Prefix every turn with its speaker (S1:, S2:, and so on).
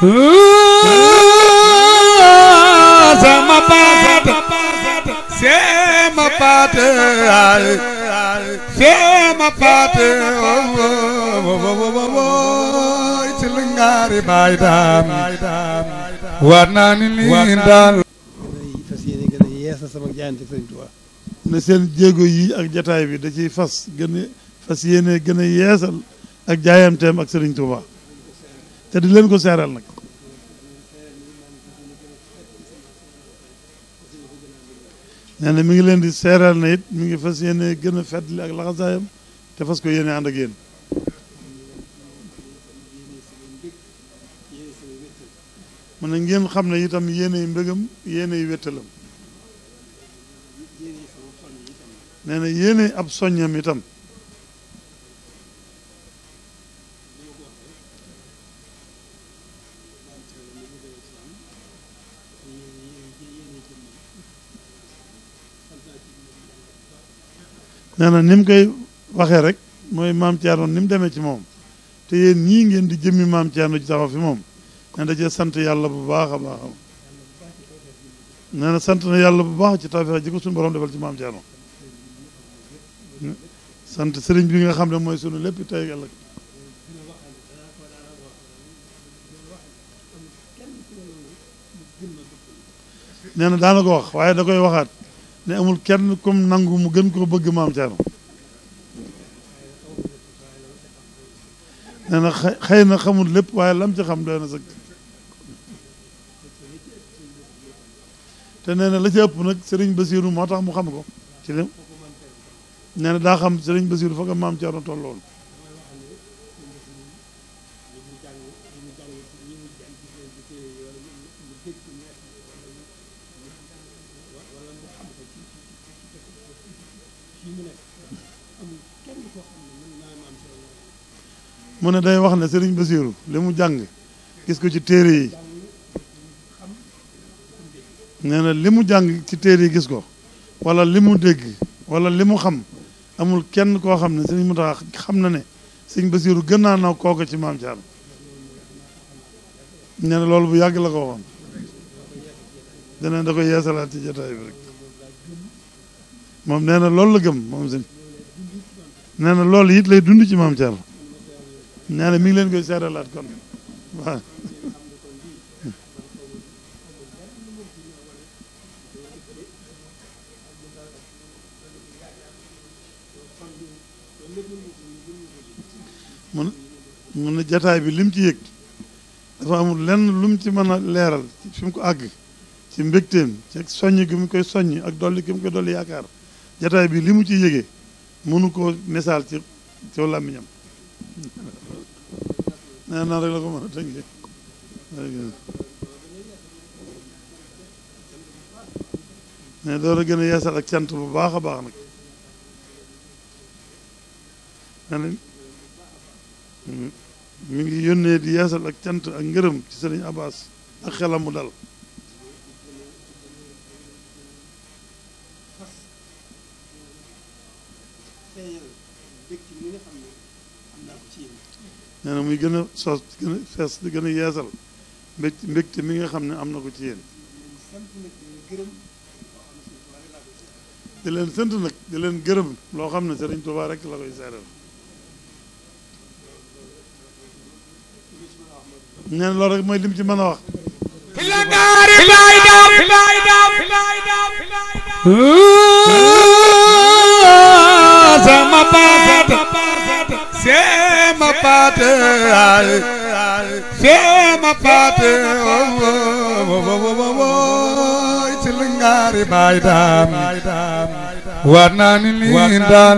S1: sama paat sama paat sama paat ci naa ni lii daal fas yéene gën a yeesal sama jaayante Sëriñ Tuubaa ne seen jéego yi ak jataay bi da ciy fas gën a fas yéene gën a yeesal ak jaayanteem ak Sëriñ Tuubaa te di leen ko seeral nag nee na mi ngi leen di seeral na it mi ngi fas yéene gën a fàttali ak laxasaayam te fas ko yéene ànd ak yéen mu ne ngeen xam ne itam yéeney mbégam yéeney wéttalam nee na ab soññam itam nee na ni koy waxee rek mooy maam Thierno ni mu demee ci moom te yéen ñii ngeen di jëmmi maam Thierno ji taxaw fi moom nee na da cee sant yàlla bu baax a baax nee na na yàlla ne mooy sunu lépp tey ëllëg nee ko wax waaye da koy waxaat ne amul kenn comme nangu mu gën koo bëgg maam Thierno nee na xëy na xamul lépp waaye lam ci xam doy na la ci ëpp nag Serigne Bassirou moo tax mu xam ko ci lim nee daa xam Serigne Bassirou foog maam Thierno tolloon mu ne day wax ne sëriñ basiiru li mu jàng gis ko ci téere yi nee li mu jàng ci téere yi gis ko wala li mu dégg wala li mu xam amul kenn koo xam ne Serigne Mountakha xam na ne Serigne Bassirou gën naa naw kooku ci maam Thierno nee loolu bu yàgg la ko waxoon danañ da ko yeesalaat ci jotaay bi rek. moom nee na loolu la gëm moom sëñ nee na loolu it lay dund ci maam Thierno nee na leen koy seeralaat kon waaw mun mun na jataay bi lim ci yëg dafa amul lenn lu mu ci mën a leeral fi ko àgg ci mbégteem ci soññ gi mu koy soññ ak dolli gi mu koy dolli yaakaar jataay bii li mu ci yëgee mënu koo misaal ci ci làmmiñam nee naa rek gën a yeesal ak cant bu baax a baax nag mu ngi yónnee di yasal ak cant ak ngërëm ci sëriñ Abbas ak xelam mu dal nee na muy gën a sos gën fees di gën a yeesal mbégte mbégte mi nga xam ne am na ko ci yéen di leen sant di leen gërëm loo xam ne Serigne Touba rek la koy seeral nee na loolu mooy lim ci mën a wax filandaari lay daam lay daam lay فاتح سيما فاتح سلنغاري بايدام ورناني لين